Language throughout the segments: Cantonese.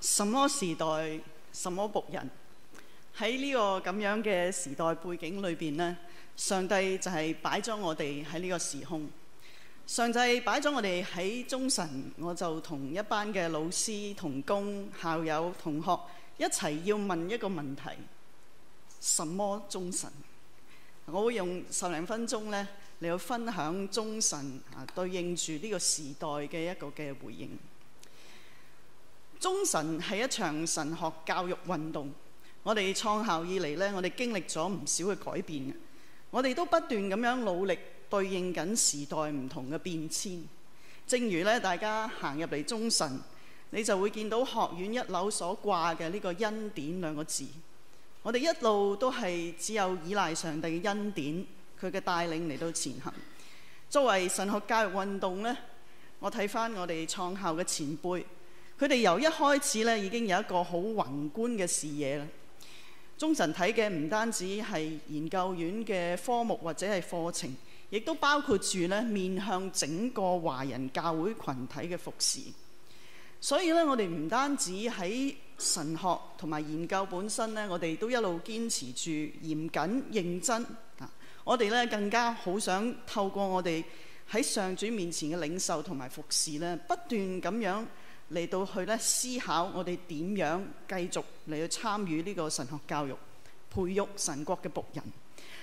什麼時代，什麼僕人？喺呢個咁樣嘅時代背景裏邊咧，上帝就係擺咗我哋喺呢個時空。上帝擺咗我哋喺中神，我就同一班嘅老師、同工、校友、同學一齊要問一個問題：什麼中神？我會用十零分鐘咧嚟去分享中神啊，對應住呢個時代嘅一個嘅回應。中神係一場神學教育運動，我創。我哋創校以嚟咧，我哋經歷咗唔少嘅改變。我哋都不斷咁樣努力對應緊時代唔同嘅變遷。正如咧，大家行入嚟中神，你就會見到學院一樓所掛嘅呢個恩典兩個字。我哋一路都係只有依賴上帝嘅恩典，佢嘅帶領嚟到前行。作為神學教育運動呢，我睇翻我哋創校嘅前輩。佢哋由一開始咧已經有一個好宏觀嘅視野啦。中神睇嘅唔單止係研究院嘅科目或者係課程，亦都包括住咧面向整個華人教會群體嘅服侍。所以咧，我哋唔單止喺神學同埋研究本身咧，我哋都一路堅持住嚴謹認真啊！我哋咧更加好想透過我哋喺上主面前嘅領袖同埋服侍咧，不斷咁樣。嚟到去咧思考我哋點樣繼續嚟去參與呢個神學教育，培育神國嘅僕人。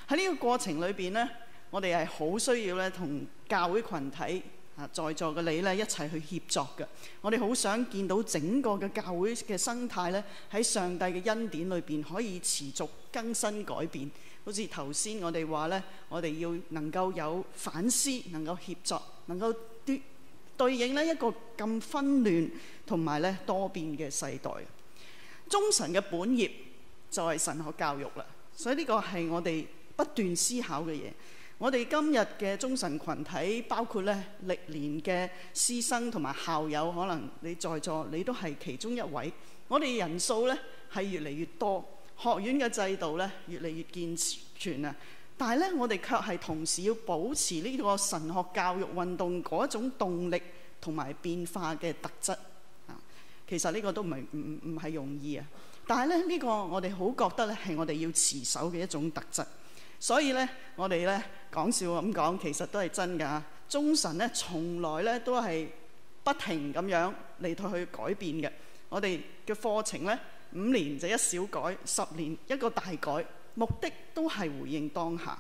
喺呢個過程裏邊，呢我哋係好需要咧同教會群體，啊在座嘅你咧一齊去協作嘅。我哋好想見到整個嘅教會嘅生態咧喺上帝嘅恩典裏邊可以持續更新改變。好似頭先我哋話咧，我哋要能夠有反思，能夠協作，能夠。對應咧一個咁紛亂同埋咧多變嘅世代，中神嘅本業就係神學教育啦。所以呢個係我哋不斷思考嘅嘢。我哋今日嘅中神群體，包括咧歷年嘅師生同埋校友，可能你在座你都係其中一位。我哋人數咧係越嚟越多，學院嘅制度咧越嚟越健全啊！但係咧，我哋卻係同時要保持呢個神學教育運動嗰一種動力同埋變化嘅特質。啊，其實呢個都唔係唔唔唔係容易啊！但係咧，呢個我哋好覺得咧係我哋要持守嘅一種特質。所以咧，我哋咧講笑咁講，其實都係真㗎。中神咧，從來咧都係不停咁樣嚟到去改變嘅。我哋嘅課程咧，五年就一小改，十年一個大改。目的都係回應當下。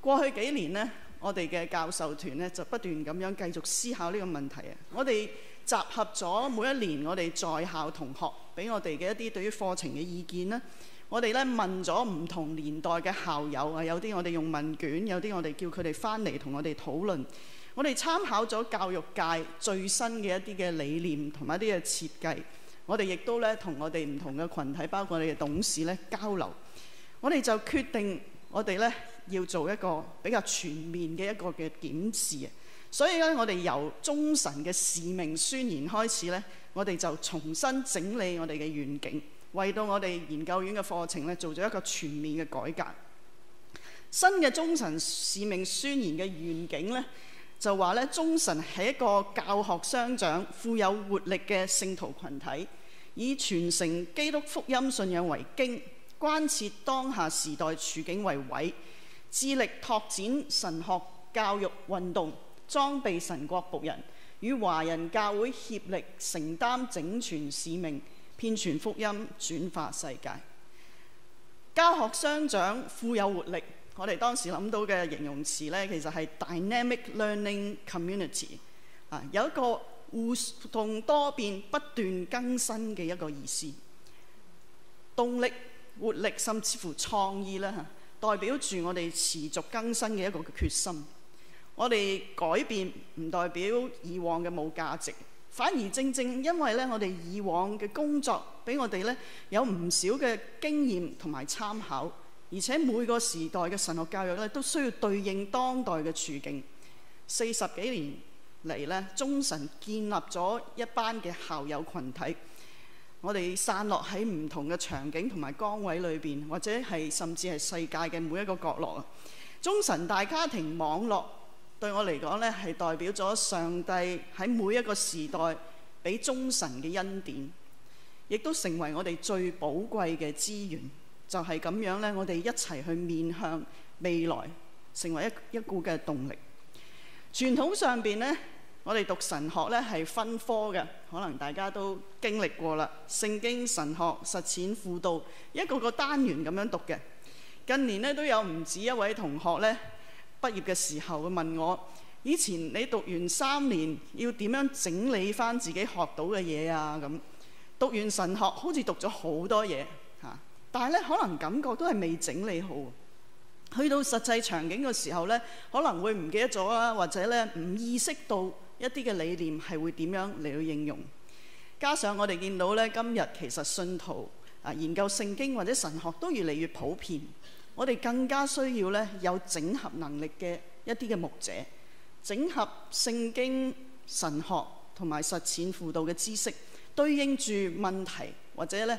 過去幾年呢，我哋嘅教授團呢，就不斷咁樣繼續思考呢個問題啊！我哋集合咗每一年我哋在校同學，俾我哋嘅一啲對於課程嘅意見啦。我哋咧問咗唔同年代嘅校友啊，有啲我哋用問卷，有啲我哋叫佢哋翻嚟同我哋討論。我哋參考咗教育界最新嘅一啲嘅理念同埋一啲嘅設計。我哋亦都咧同我哋唔同嘅群體，包括我哋嘅董事咧交流。我哋就決定，我哋咧要做一個比較全面嘅一個嘅檢視。所以咧，我哋由中神嘅使命宣言開始咧，我哋就重新整理我哋嘅願景，為到我哋研究院嘅課程咧做咗一個全面嘅改革。新嘅中神使命宣言嘅願景咧，就話咧中神係一個教學相長、富有活力嘅聖徒群體，以傳承基督福音信仰為經，關切當下時代處境為偉，致力拓展神學教育運動，裝備神國僕人，與華人教會協力承擔整全使命，遍傳福音，轉化世界。教學相長，富有活力。我哋當時諗到嘅形容詞呢，其實係 dynamic learning community 有一個互動多變、不斷更新嘅一個意思，動力。活力甚至乎創意啦，代表住我哋持續更新嘅一個決心。我哋改變唔代表以往嘅冇價值，反而正正因為咧，我哋以往嘅工作俾我哋咧有唔少嘅經驗同埋參考，而且每個時代嘅神學教育咧都需要對應當代嘅處境。四十幾年嚟咧，中神建立咗一班嘅校友群體。我哋散落喺唔同嘅場景同埋崗位裏邊，或者係甚至係世界嘅每一個角落啊！中神大家庭網絡對我嚟講呢，係代表咗上帝喺每一個時代俾中神嘅恩典，亦都成為我哋最寶貴嘅資源。就係咁樣呢，我哋一齊去面向未來，成為一一股嘅動力。傳統上邊呢。我哋讀神學呢係分科嘅，可能大家都經歷過啦。聖經、神學、實踐、輔導，一個個單元咁樣讀嘅。近年呢，都有唔止一位同學呢畢業嘅時候會問我：以前你讀完三年要點樣整理返自己學到嘅嘢啊？咁讀完神學好似讀咗好多嘢吓，但係呢，可能感覺都係未整理好。去到實際場景嘅時候呢，可能會唔記得咗啦，或者呢，唔意識到。一啲嘅理念係會點樣嚟到應用？加上我哋見到咧，今日其實信徒啊，研究聖經或者神學都越嚟越普遍，我哋更加需要咧有整合能力嘅一啲嘅牧者，整合聖經、神學同埋實踐輔導嘅知識，對應住問題或者咧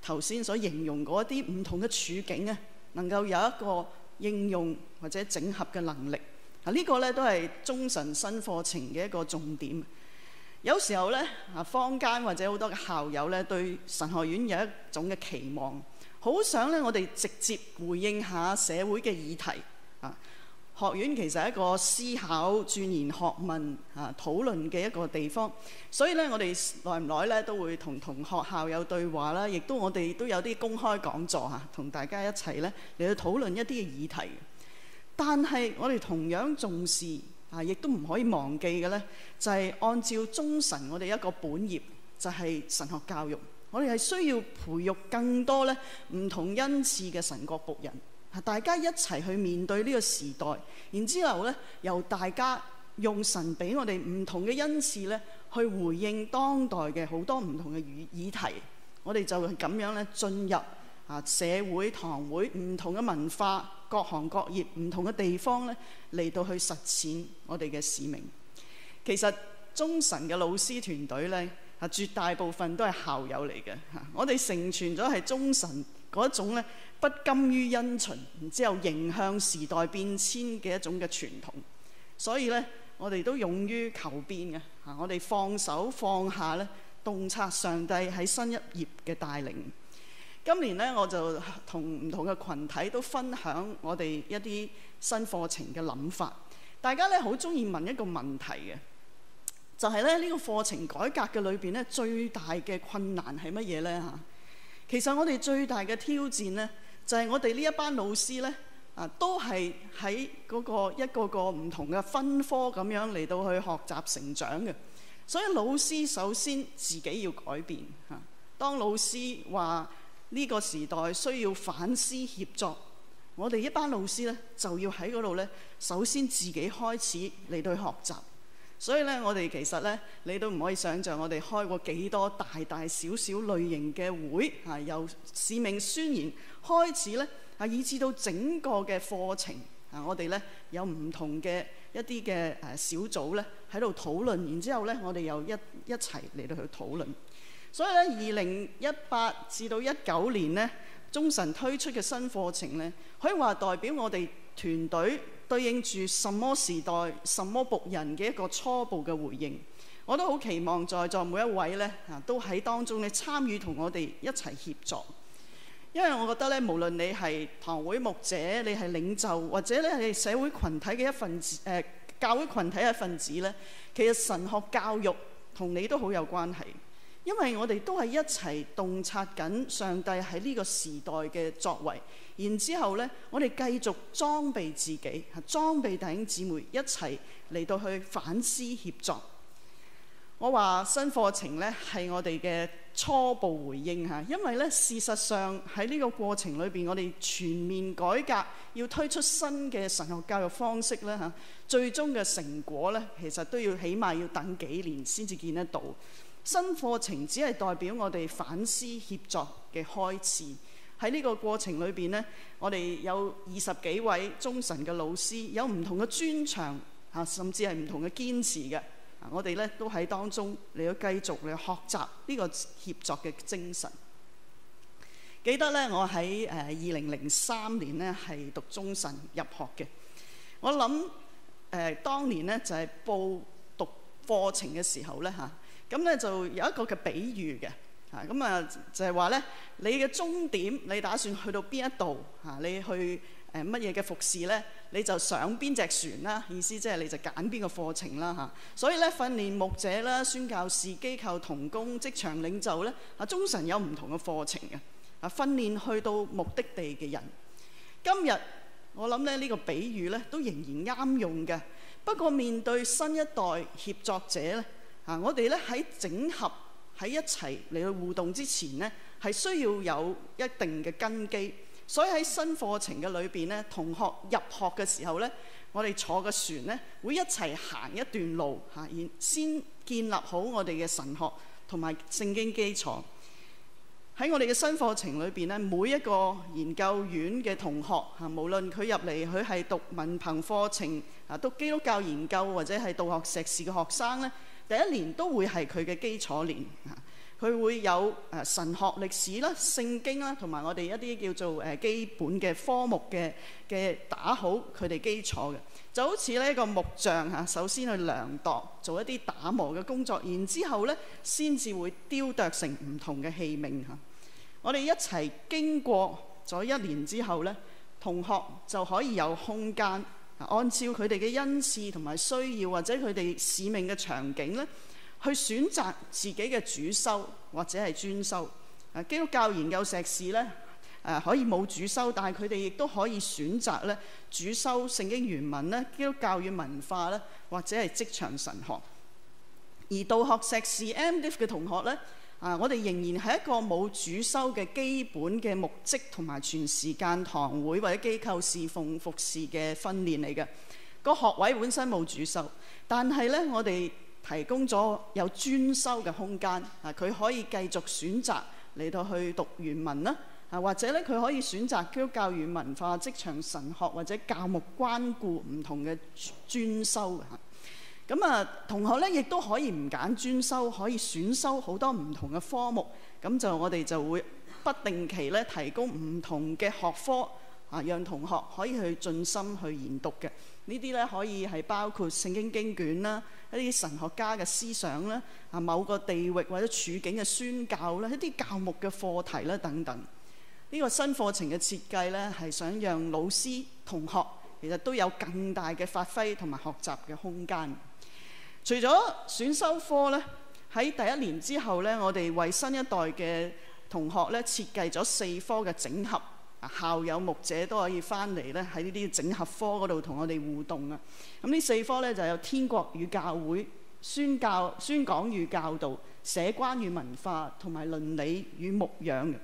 頭先所形容嗰啲唔同嘅處境啊，能夠有一個應用或者整合嘅能力。這個、呢個咧都係中神新課程嘅一個重點。有時候咧，啊坊間或者好多嘅校友咧，對神學院有一種嘅期望，好想咧我哋直接回應下社會嘅議題。啊，學院其實係一個思考、鑽研學問、啊討論嘅一個地方。所以咧，我哋耐唔耐咧都會同同學校有對話啦，亦都我哋都有啲公開講座嚇，同、啊、大家一齊咧嚟去討論一啲嘅議題。但係我哋同樣重視啊，亦都唔可以忘記嘅呢，就係、是，按照中神，我哋一個本業，就係、是，神學教育。我哋係需要培育更多呢唔同恩賜嘅神國僕人，大家一齊去面對呢個時代，然之後呢，由大家用神俾我哋唔同嘅恩賜呢去回應當代嘅好多唔同嘅議題。我哋就係咁樣咧進入。社會堂會唔同嘅文化、各行各業、唔同嘅地方咧，嚟到去實踐我哋嘅使命。其實中神嘅老師團隊呢，啊絕大部分都係校友嚟嘅。我哋承傳咗係中神嗰一種呢，不甘於因循，然之後迎向時代變遷嘅一種嘅傳統。所以呢，我哋都勇於求變嘅。啊，我哋放手放下呢，洞察上帝喺新一頁嘅帶領。今年咧，我就同唔同嘅群體都分享我哋一啲新課程嘅諗法。大家咧好中意問一個問題嘅，就係咧呢個課程改革嘅裏邊咧，最大嘅困難係乜嘢咧？嚇，其實我哋最大嘅挑戰咧，就係我哋呢一班老師咧啊，都係喺嗰個一個個唔同嘅分科咁樣嚟到去學習成長嘅。所以老師首先自己要改變嚇。當老師話。呢個時代需要反思協作，我哋一班老師呢，就要喺嗰度呢，首先自己開始嚟到去學習。所以呢，我哋其實呢，你都唔可以想象我哋開過幾多大大小小類型嘅會啊！由使命宣言開始呢，啊，以至到整個嘅課程啊，我哋呢，有唔同嘅一啲嘅誒小組呢喺度討論，然之後呢，我哋又一一齊嚟到去討論。所以咧，二零一八至到一九年呢，中神推出嘅新課程呢，可以話代表我哋團隊對應住什麼時代、什麼僕人嘅一個初步嘅回應。我都好期望在座每一位呢，啊，都喺當中呢參與同我哋一齊協助，因為我覺得呢，無論你係堂會牧者、你係領袖，或者咧係社會群體嘅一份子、誒教會群體嘅一份子呢，其實神學教育同你都好有關係。因為我哋都係一齊洞察緊上帝喺呢個時代嘅作為，然之後呢，我哋繼續裝備自己，裝備弟兄姊妹，一齊嚟到去反思協作。我話新課程呢係我哋嘅初步回應嚇，因為呢，事實上喺呢個過程裏邊，我哋全面改革，要推出新嘅神學教育方式呢，嚇，最終嘅成果呢，其實都要起碼要等幾年先至見得到。新課程只係代表我哋反思協作嘅開始，喺呢個過程裏邊呢，我哋有二十幾位中神嘅老師，有唔同嘅專長嚇，甚至係唔同嘅堅持嘅。我哋咧都喺當中嚟到繼續嚟學習呢個協作嘅精神。記得呢，我喺誒二零零三年呢係讀中神入學嘅。我諗誒當年呢就係報讀課程嘅時候呢。嚇。咁咧就有一個嘅比喻嘅，嚇咁啊就係話咧，你嘅終點你打算去到邊一度？你去乜嘢嘅服侍咧？你就上邊隻船啦，意思即係你就揀邊個課程啦。所以咧訓練牧者啦、宣教士、機構同工、職場領袖咧，啊中神有唔同嘅課程嘅，啊訓練去到目的地嘅人。今日我諗咧呢個比喻咧都仍然啱用嘅，不過面對新一代協作者咧。我哋咧喺整合喺一齊嚟去互動之前呢，係需要有一定嘅根基。所以喺新課程嘅裏邊呢，同學入學嘅時候呢，我哋坐嘅船呢會一齊行一段路嚇，先建立好我哋嘅神學同埋聖經基礎。喺我哋嘅新課程裏邊呢，每一個研究院嘅同學嚇，無論佢入嚟佢係讀文憑課程啊，讀基督教研究或者係道學碩士嘅學生咧。第一年都會係佢嘅基礎年，佢會有誒神學歷史、歷史啦、聖經啦，同埋我哋一啲叫做誒基本嘅科目嘅嘅打好佢哋基礎嘅，就好似呢個木匠，嚇，首先去量度，做一啲打磨嘅工作，然之後呢先至會雕琢成唔同嘅器皿嚇。我哋一齊經過咗一年之後呢，同學就可以有空間。按照佢哋嘅恩賜同埋需要，或者佢哋使命嘅場景咧，去選擇自己嘅主修或者係專修。啊，基督教研究碩士咧，誒、呃、可以冇主修，但係佢哋亦都可以選擇咧主修聖經原文咧、基督教與文化咧，或者係職場神學。而道學碩士 M.Div 嘅同學咧。啊！我哋仍然係一個冇主修嘅基本嘅目的同埋全時間堂會或者機構侍奉服侍嘅訓練嚟嘅。個學位本身冇主修，但係咧我哋提供咗有專修嘅空間。啊，佢可以繼續選擇嚟到去讀原文啦。啊，或者咧佢可以選擇教育與文化、職場神學或者教牧關顧唔同嘅專修。咁啊，同學咧，亦都可以唔揀專修，可以選修好多唔同嘅科目。咁就我哋就會不定期咧，提供唔同嘅學科啊，讓同學可以去盡心去研讀嘅呢啲咧，可以係包括聖經經卷啦、一啲神學家嘅思想啦、啊某個地域或者處境嘅宣教啦、一啲教牧嘅課題啦等等。呢、這個新課程嘅設計咧，係想讓老師同學其實都有更大嘅發揮同埋學習嘅空間。除咗選修科呢，喺第一年之後呢，我哋為新一代嘅同學呢，設計咗四科嘅整合。校友牧者都可以翻嚟呢，喺呢啲整合科嗰度同我哋互動啊。咁呢四科呢，就有天國與教會、宣教、宣講與教導、社關與文化同埋倫理與牧養嘅，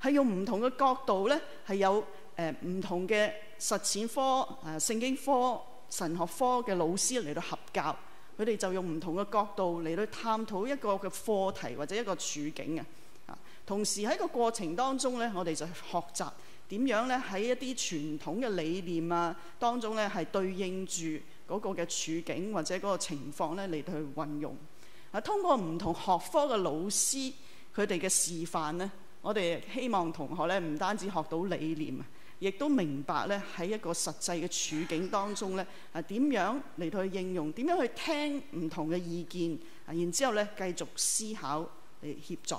係用唔同嘅角度呢，係有誒唔、呃、同嘅實踐科、誒、呃、聖經科、神學科嘅老師嚟到合教。佢哋就用唔同嘅角度嚟去探討一個嘅課題或者一個處境啊。同時喺個過程當中咧，我哋就學習點樣咧喺一啲傳統嘅理念啊當中咧係對應住嗰個嘅處境或者嗰個情況咧嚟到去運用啊。通過唔同學科嘅老師佢哋嘅示範咧，我哋希望同學咧唔單止學到理念啊。亦都明白咧喺一個實際嘅處境當中咧，啊點樣嚟到去應用？點樣去聽唔同嘅意見？啊，然之後咧繼續思考嚟協助。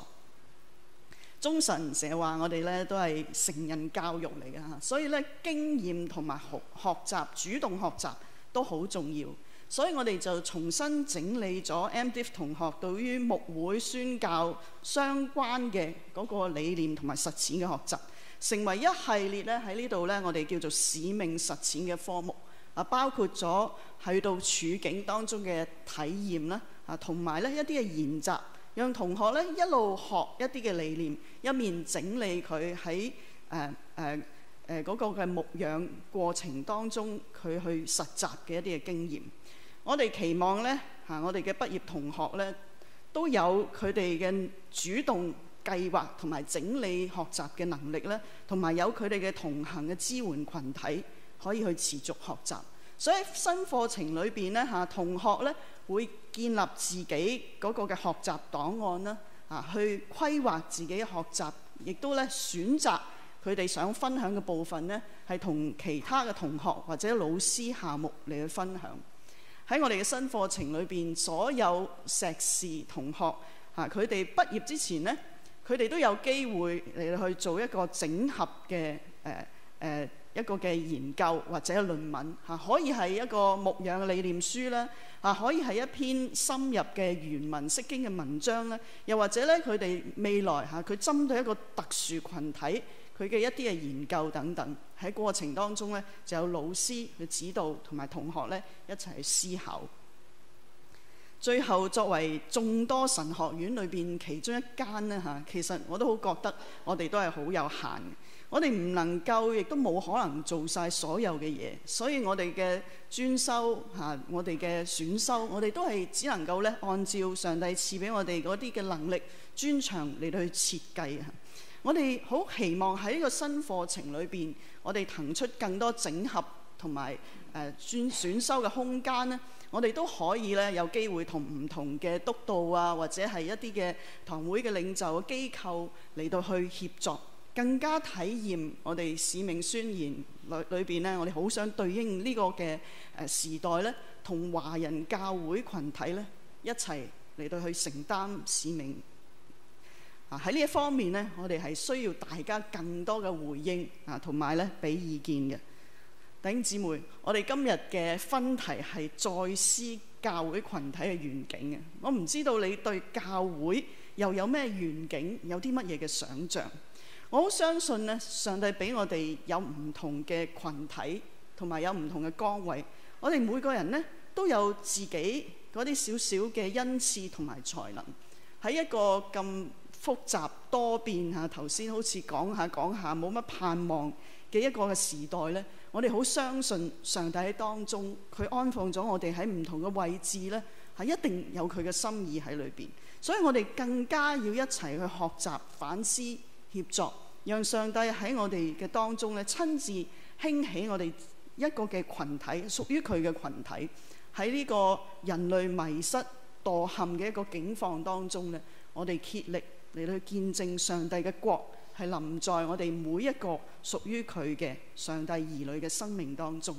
中神成日話我哋咧都係成人教育嚟嘅嚇，所以咧經驗同埋學學習、主動學習都好重要。所以我哋就重新整理咗 MDF 同學對於牧會宣教相關嘅嗰個理念同埋實踐嘅學習。成為一系列呢，喺呢度呢，我哋叫做使命實踐嘅科目啊，包括咗喺度處境當中嘅體驗啦啊，同埋呢一啲嘅研習，讓同學呢一路學一啲嘅理念，一面整理佢喺誒誒誒嗰個嘅牧養過程當中佢去實習嘅一啲嘅經驗。我哋期望呢，嚇、啊、我哋嘅畢業同學呢，都有佢哋嘅主動，計劃同埋整理學習嘅能力咧，同埋有佢哋嘅同行嘅支援群體可以去持續學習。所以新課程裏邊咧，嚇同學咧會建立自己嗰個嘅學習檔案啦，嚇去規劃自己嘅學習，亦都咧選擇佢哋想分享嘅部分咧，係同其他嘅同學或者老師、項目嚟去分享。喺我哋嘅新課程裏邊，所有碩士同學嚇佢哋畢業之前咧。佢哋都有機會嚟去做一個整合嘅誒誒一個嘅研究或者論文嚇、啊，可以係一個牧養嘅理念書啦，嚇、啊，可以係一篇深入嘅原文釋經嘅文章咧、啊，又或者咧佢哋未來嚇佢針對一個特殊群體佢嘅一啲嘅研究等等。喺過程當中咧就有老師去指導同埋同學咧一齊去思考。最後作為眾多神學院裏面其中一間呢，其實我都好覺得我哋都係好有限嘅。我哋唔能夠亦都冇可能做晒所有嘅嘢，所以我哋嘅專修、我哋嘅選修，我哋都係只能夠呢，按照上帝賜畀我哋嗰啲嘅能力、專長嚟到去設計。我哋好期望喺呢個新課程裏面，我哋騰出更多整合同埋選修嘅空間呢。我哋都可以呢，有機會同唔同的督導或者是一些的堂會的領袖的機構嚟到去協作，更加體驗我哋使命宣言裏面，我哋好想對應這個嘅時代同華人教會群體一齊嚟到去承擔使命啊。喺呢一方面呢，我哋是需要大家更多的回應啊同埋呢俾意見嘅。弟兄姊妹，我哋今日嘅分題係再思教會群體嘅願景嘅。我唔知道你對教會又有咩願景，有啲乜嘢嘅想象？我好相信呢，上帝俾我哋有唔同嘅群體，同埋有唔同嘅崗位。我哋每個人呢，都有自己嗰啲少少嘅恩賜同埋才能，喺一個咁複雜多變吓，頭先好似講下講下冇乜盼望嘅一個嘅時代呢。我哋好相信上帝喺當中，佢安放咗我哋喺唔同嘅位置咧，係一定有佢嘅心意喺裏面。所以我哋更加要一齊去學習、反思、協作，讓上帝喺我哋嘅當中親自興起我哋一個嘅群體，屬於佢嘅群體，喺呢個人類迷失墮陷嘅一個境況當中，我哋竭力嚟到去見證上帝嘅國。係臨在我哋每一個屬於佢嘅上帝兒女嘅生命當中，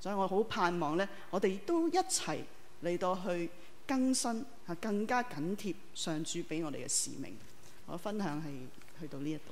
所以我好盼望呢，我哋都一齊嚟到去更新，更加緊貼上主俾我哋嘅使命。我分享係去到呢一度。